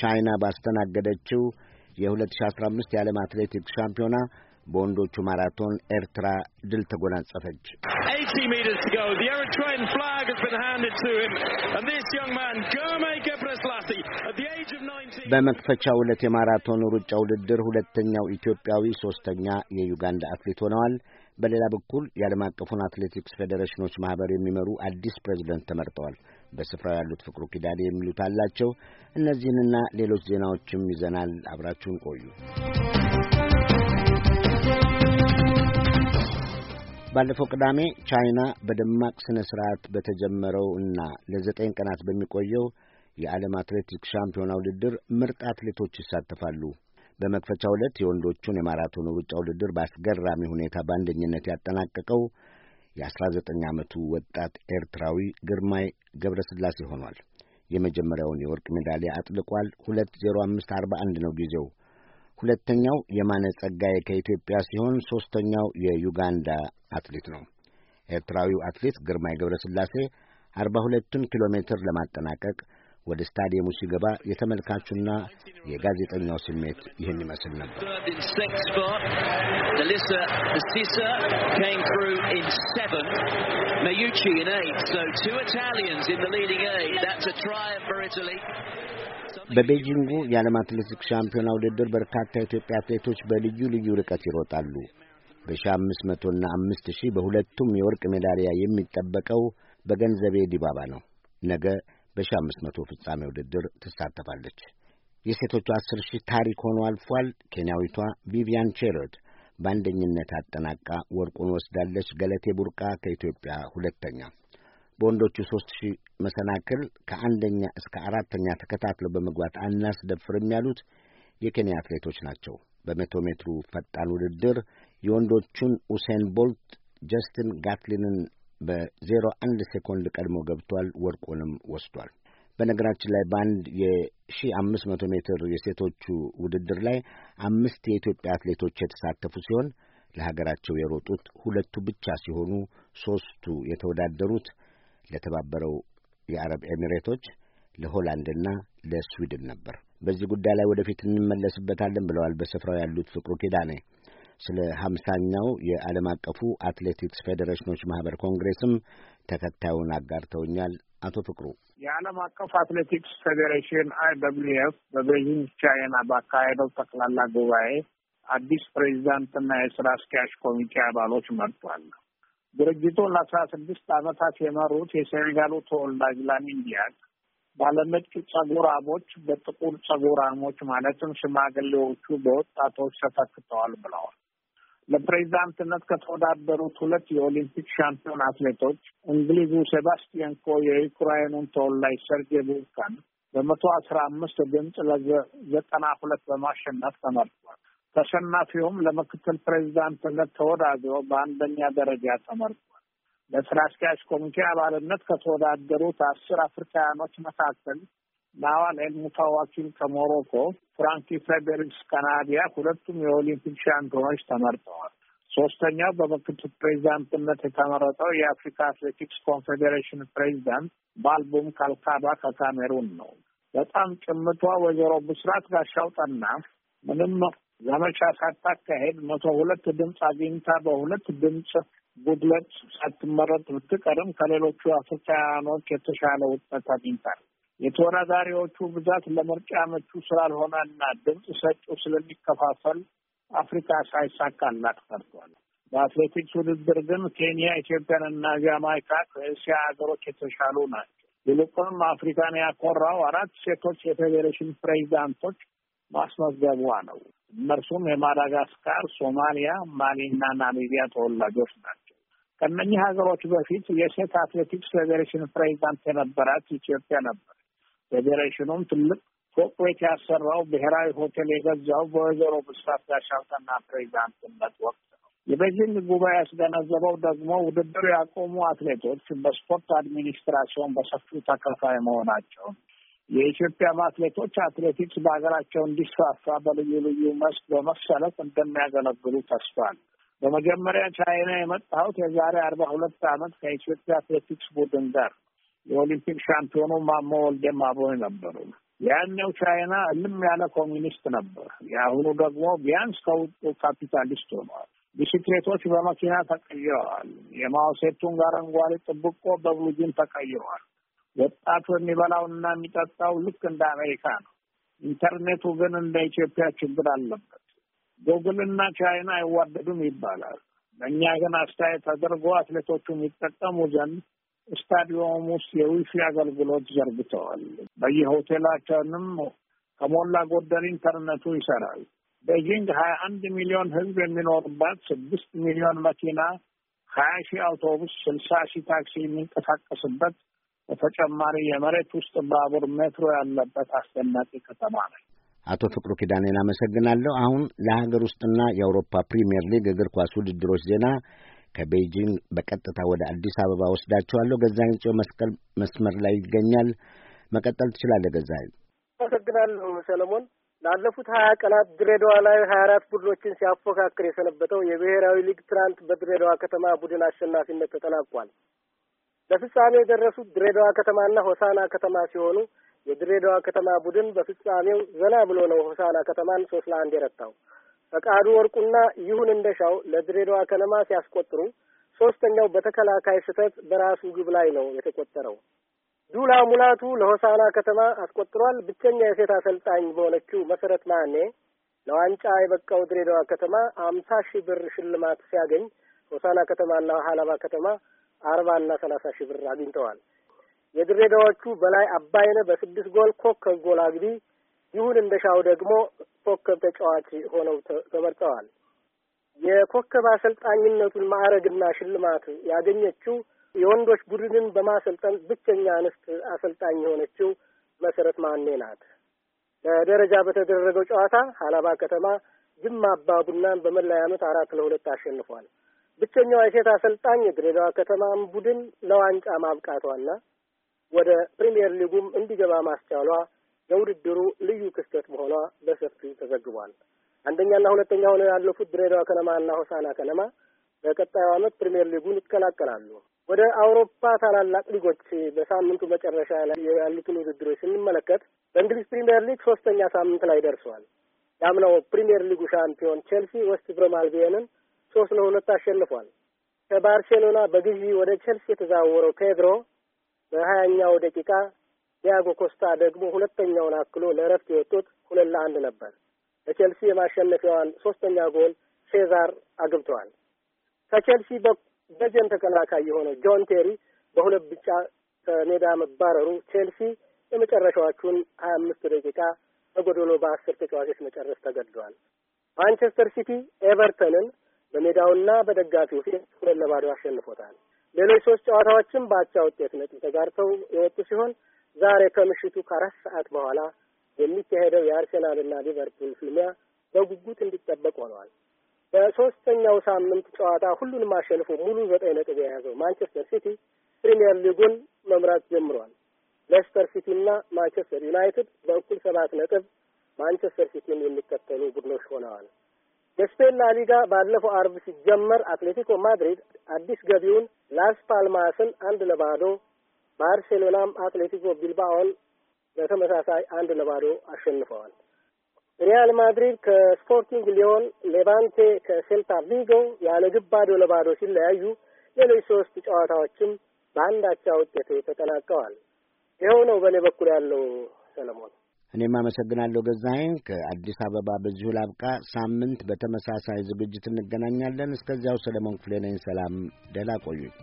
ቻይና ባስተናገደችው የ2015 የዓለም አትሌቲክስ ሻምፒዮና በወንዶቹ ማራቶን ኤርትራ ድል ተጎናጸፈች። በመክፈቻ ዕለት የማራቶን ሩጫ ውድድር ሁለተኛው ኢትዮጵያዊ፣ ሦስተኛ የዩጋንዳ አትሌት ሆነዋል። በሌላ በኩል የዓለም አቀፉን አትሌቲክስ ፌዴሬሽኖች ማኅበር የሚመሩ አዲስ ፕሬዝደንት ተመርጠዋል። በስፍራው ያሉት ፍቅሩ ኪዳኔ የሚሉት አላቸው። እነዚህንና ሌሎች ዜናዎችም ይዘናል። አብራችሁን ቆዩ። ባለፈው ቅዳሜ ቻይና በደማቅ ሥነ ሥርዓት በተጀመረው እና ለዘጠኝ ቀናት በሚቆየው የዓለም አትሌቲክስ ሻምፒዮና ውድድር ምርጥ አትሌቶች ይሳተፋሉ። በመክፈቻው ዕለት የወንዶቹን የማራቶን ሩጫ ውድድር በአስገራሚ ሁኔታ በአንደኝነት ያጠናቀቀው የ19 ዓመቱ ወጣት ኤርትራዊ ግርማይ ስላሴ ሆኗል። የመጀመሪያውን የወርቅ ሜዳሊያ አጥልቋል። ሁለት ዜሮ አምስት አርባ አንድ ነው ጊዜው። ሁለተኛው የማነ ጸጋዬ ከኢትዮጵያ ሲሆን ሦስተኛው የዩጋንዳ አትሌት ነው። ኤርትራዊው አትሌት ግርማይ ገብረ ስላሴ አርባ ሁለቱን ኪሎ ሜትር ለማጠናቀቅ ወደ ስታዲየሙ ሲገባ የተመልካቹና የጋዜጠኛው ስሜት ይህን ይመስል ነበር። በቤጂንጉ የዓለም አትሌቲክስ ሻምፒዮና ውድድር በርካታ የኢትዮጵያ አትሌቶች በልዩ ልዩ ርቀት ይሮጣሉ። በሺህ አምስት መቶና አምስት ሺህ በሁለቱም የወርቅ ሜዳሊያ የሚጠበቀው በገንዘቤ ዲባባ ነው። ነገ በ መቶ ፍጻሜ ውድድር ትሳተፋለች። የሴቶቹ አስር ሺህ ታሪክ ሆኖ አልፏል። ኬንያዊቷ ቪቪያን ቼሮት በአንደኝነት አጠናቃ ወርቁን ወስዳለች። ገለቴ ቡርቃ ከኢትዮጵያ ሁለተኛ። በወንዶቹ ሦስት ሺህ መሰናክል ከአንደኛ እስከ አራተኛ ተከታትለው በመግባት አናስደፍርም ያሉት የኬንያ አትሌቶች ናቸው። በመቶ ሜትሩ ፈጣን ውድድር የወንዶቹን ኡሴን ቦልት ጀስትን ጋትሊንን በ01 ሴኮንድ ቀድሞ ገብቷል። ወርቁንም ወስዷል። በነገራችን ላይ በአንድ የ 500 ሜትር የሴቶቹ ውድድር ላይ አምስት የኢትዮጵያ አትሌቶች የተሳተፉ ሲሆን ለሀገራቸው የሮጡት ሁለቱ ብቻ ሲሆኑ ሦስቱ የተወዳደሩት ለተባበረው የአረብ ኤሚሬቶች ለሆላንድና ለስዊድን ነበር። በዚህ ጉዳይ ላይ ወደፊት እንመለስበታለን ብለዋል በስፍራው ያሉት ፍቅሩ ኪዳኔ። ስለ ሀምሳኛው የዓለም አቀፉ አትሌቲክስ ፌዴሬሽኖች ማህበር ኮንግሬስም ተከታዩን አጋርተውኛል። አቶ ፍቅሩ የዓለም አቀፍ አትሌቲክስ ፌዴሬሽን አይ ደብሊው ኤፍ በቤጂንግ ቻይና ባካሄደው ጠቅላላ ጉባኤ አዲስ ፕሬዚዳንትና የስራ አስኪያጅ ኮሚቴ አባሎች መርጧል። ድርጅቱን ለአስራ ስድስት ዓመታት የመሩት የሴኔጋሉ ተወላጅ ላሚን ዲያክ ጸጉር አሞች በጥቁር አሞች ማለትም ሽማግሌዎቹ በወጣቶች ተተክተዋል ብለዋል። ለፕሬዚዳንትነት ከተወዳደሩት ሁለት የኦሊምፒክ ሻምፒዮን አትሌቶች እንግሊዙ ሴባስቲያን ኮ የዩክራይኑን ተወላጅ ሰርጌ ቡብካን በመቶ አስራ አምስት ድምፅ ለዘጠና ሁለት በማሸነፍ ተመርጧል። ተሸናፊውም ለምክትል ፕሬዚዳንትነት ተወዳድሮ በአንደኛ ደረጃ ተመርጧል። ለስራ አስኪያጅ ኮሚቴ አባልነት ከተወዳደሩት አስር አፍሪካውያኖች መካከል ናዋል ኤልሙታዋኪል ከሞሮኮ፣ ፍራንኪ ፌቤሪክስ ከናዲያ ሁለቱም የኦሊምፒክ ሻምፒዮኖች ተመርጠዋል። ሶስተኛው በምክትል ፕሬዚዳንትነት የተመረጠው የአፍሪካ አትሌቲክስ ኮንፌዴሬሽን ፕሬዚዳንት ባልቡም ካልካባ ከካሜሩን ነው። በጣም ጭምቷ ወይዘሮ ብስራት ጋሻው ጠና ምንም ዘመቻ ሳታካሄድ መቶ ሁለት ድምፅ አግኝታ በሁለት ድምፅ ጉድለት ሳትመረጥ ብትቀርም ከሌሎቹ አፍሪካኖች የተሻለ ውጤት አግኝታል። የተወዳዳሪዎቹ ብዛት ለምርጫ ምቹ ስላልሆነና ድምፅ ሰጩ ስለሚከፋፈል አፍሪካ ሳይሳካላት ቀርቷል። በአትሌቲክስ ውድድር ግን ኬንያ፣ ኢትዮጵያንና ጃማይካ ከእስያ ሀገሮች የተሻሉ ናቸው። ይልቁንም አፍሪካን ያኮራው አራት ሴቶች የፌዴሬሽን ፕሬዚዳንቶች ማስመዝገቧ ነው። እነርሱም የማዳጋስካር፣ ሶማሊያ፣ ማሊና ናሚቢያ ተወላጆች ናቸው። ከእነኚህ ሀገሮች በፊት የሴት አትሌቲክስ ፌዴሬሽን ፕሬዚዳንት የነበራት ኢትዮጵያ ነበር። ፌዴሬሽኑም ትልቅ ፎቅ ቤት ያሰራው ብሔራዊ ሆቴል የገዛው በወይዘሮ ብስራት ጋሻው ፕሬዚዳንትነት ወቅት ነው። የቤጂንግ ጉባኤ ያስገነዘበው ደግሞ ውድድር ያቆሙ አትሌቶች በስፖርት አድሚኒስትራሲዮን በሰፊው ተካፋይ መሆናቸው የኢትዮጵያም አትሌቶች አትሌቲክስ በሀገራቸው እንዲስፋፋ በልዩ ልዩ መስክ በመሰለፍ እንደሚያገለግሉ ተስፋ በመጀመሪያ ቻይና የመጣሁት የዛሬ አርባ ሁለት ዓመት ከኢትዮጵያ አትሌቲክስ ቡድን ጋር የኦሊምፒክ ሻምፒዮኑ ማሞ ወልዴም ነበሩ። ያኛው ቻይና እልም ያለ ኮሚኒስት ነበር። የአሁኑ ደግሞ ቢያንስ ከውጡ ካፒታሊስት ሆነዋል። ቢስክሌቶች በመኪና ተቀይረዋል። የማውሴቱን አረንጓዴ ጥብቆ በብሉጅን ተቀይረዋል። ወጣቱ የሚበላውና የሚጠጣው ልክ እንደ አሜሪካ ነው። ኢንተርኔቱ ግን እንደ ኢትዮጵያ ችግር አለበት። ጉግልና ቻይና አይዋደዱም ይባላል። በእኛ ግን አስተያየት ተደርጎ አትሌቶቹ የሚጠቀሙ ዘንድ ስታዲየም ውስጥ የዊፊ አገልግሎት ዘርግተዋል። በየሆቴላቸውንም ከሞላ ጎደል ኢንተርኔቱ ይሰራል። ቤጂንግ ሀያ አንድ ሚሊዮን ህዝብ የሚኖርባት ስድስት ሚሊዮን መኪና፣ ሀያ ሺህ አውቶቡስ፣ ስልሳ ሺህ ታክሲ የሚንቀሳቀስበት በተጨማሪ የመሬት ውስጥ ባቡር፣ ሜትሮ ያለበት አስደናቂ ከተማ ነው። አቶ ፍቅሩ ኪዳኔን አመሰግናለሁ። አሁን ለሀገር ውስጥና የአውሮፓ ፕሪምየር ሊግ እግር ኳስ ውድድሮች ዜና ከቤይጂንግ በቀጥታ ወደ አዲስ አበባ ወስዳችኋለሁ። ገዛኸኝ ጽዮን መስቀል መስመር ላይ ይገኛል። መቀጠል ትችላለህ ገዛኸኝ። አመሰግናለሁ ሰለሞን። ላለፉት ሀያ ቀናት ድሬዳዋ ላይ ሀያ አራት ቡድኖችን ሲያፎካክር የሰነበተው የብሔራዊ ሊግ ትናንት በድሬዳዋ ከተማ ቡድን አሸናፊነት ተጠናቋል። ለፍጻሜ የደረሱት ድሬዳዋ ከተማና ሆሳና ከተማ ሲሆኑ የድሬዳዋ ከተማ ቡድን በፍጻሜው ዘና ብሎ ነው ሆሳና ከተማን ሶስት ለአንድ የረታው። ፈቃዱ ወርቁና ይሁን እንደሻው ለድሬዳዋ ከነማ ሲያስቆጥሩ ሶስተኛው በተከላካይ ስህተት በራሱ ግብ ላይ ነው የተቆጠረው። ዱላ ሙላቱ ለሆሳና ከተማ አስቆጥሯል። ብቸኛ የሴት አሰልጣኝ በሆነችው መሰረት ማኔ ለዋንጫ የበቃው ድሬዳዋ ከተማ አምሳ ሺህ ብር ሽልማት ሲያገኝ ሆሳና ከተማና ሀላባ ከተማ አርባና ሰላሳ ሺህ ብር አግኝተዋል። የድሬዳዎቹ በላይ አባይነ በስድስት ጎል ኮከብ ጎል አግቢ፣ ይሁን እንደሻው ደግሞ ኮከብ ተጫዋች ሆነው ተመርጠዋል። የኮከብ አሰልጣኝነቱን ማዕረግና ሽልማት ያገኘችው የወንዶች ቡድንን በማሰልጠን ብቸኛ እንስት አሰልጣኝ የሆነችው መሰረት ማኔ ናት። ለደረጃ በተደረገው ጨዋታ ሀላባ ከተማ ጅማ አባ ቡናን በመለያ ምት አራት ለሁለት አሸንፏል። ብቸኛዋ የሴት አሰልጣኝ የድሬዳዋ ከተማም ቡድን ለዋንጫ ማብቃቷና ወደ ፕሪምየር ሊጉም እንዲገባ ማስቻሏ የውድድሩ ልዩ ክስተት መሆኗ በሰፊው ተዘግቧል። አንደኛና ሁለተኛ ሆነው ያለፉት ድሬዳዋ ከነማ እና ሆሳና ከነማ በቀጣዩ ዓመት ፕሪምየር ሊጉን ይቀላቀላሉ። ወደ አውሮፓ ታላላቅ ሊጎች በሳምንቱ መጨረሻ ላይ ያሉትን ውድድሮች ስንመለከት በእንግሊዝ ፕሪምየር ሊግ ሶስተኛ ሳምንት ላይ ደርሷል። የአምናው ፕሪምየር ሊጉ ሻምፒዮን ቼልሲ ዌስት ብሮም አልቢዮንን ሶስት ለሁለት አሸንፏል። ከባርሴሎና በግዢ ወደ ቼልሲ የተዛወረው ፔድሮ በሀያኛው ደቂቃ ዲያጎ ኮስታ ደግሞ ሁለተኛውን አክሎ ለእረፍት የወጡት ሁለት ለአንድ ነበር። ለቼልሲ የማሸነፊያዋን ሶስተኛ ጎል ሴዛር አግብተዋል። ከቼልሲ በጀን ተከላካይ የሆነው ጆን ቴሪ በሁለት ቢጫ ከሜዳ መባረሩ ቼልሲ የመጨረሻዎቹን ሀያ አምስት ደቂቃ በጎዶሎ በአስር ተጫዋቾች መጨረስ ተገድዷል። ማንቸስተር ሲቲ ኤቨርተንን በሜዳውና በደጋፊው ፊት ሁለት ለባዶ አሸንፎታል። ሌሎች ሶስት ጨዋታዎችም በአቻ ውጤት ነጥብ ተጋርተው የወጡ ሲሆን ዛሬ ከምሽቱ ከአራት ሰዓት በኋላ የሚካሄደው የአርሴናልና ሊቨርፑል ፍልሚያ በጉጉት እንዲጠበቅ ሆነዋል። በሶስተኛው ሳምንት ጨዋታ ሁሉንም አሸንፎ ሙሉ ዘጠኝ ነጥብ የያዘው ማንቸስተር ሲቲ ፕሪሚየር ሊጉን መምራት ጀምሯል። ሌስተር ሲቲ እና ማንቸስተር ዩናይትድ በእኩል ሰባት ነጥብ ማንቸስተር ሲቲን የሚከተሉ ቡድኖች ሆነዋል። የስፔን ላ ሊጋ ባለፈው አርብ ሲጀመር አትሌቲኮ ማድሪድ አዲስ ገቢውን ላስ ፓልማስን አንድ ለባዶ ባርሴሎናም አትሌቲኮ ቢልባኦን በተመሳሳይ አንድ ለባዶ አሸንፈዋል። ሪያል ማድሪድ ከስፖርቲንግ ሊዮን፣ ሌቫንቴ ከሴልታ ቪጎ ያለ ግብ ባዶ ለባዶ ሲለያዩ ሌሎች ሶስት ጨዋታዎችም በአንዳቻ ውጤት ተጠናቀዋል። ይኸው ነው በእኔ በኩል ያለው ሰለሞን። እኔም አመሰግናለሁ ገዛኸኝ። ከአዲስ አበባ በዚሁ ላብቃ። ሳምንት በተመሳሳይ ዝግጅት እንገናኛለን። እስከዚያው ሰለሞን ክፍሌ ነኝ። ሰላም፣ ደህና ቆዩኝ።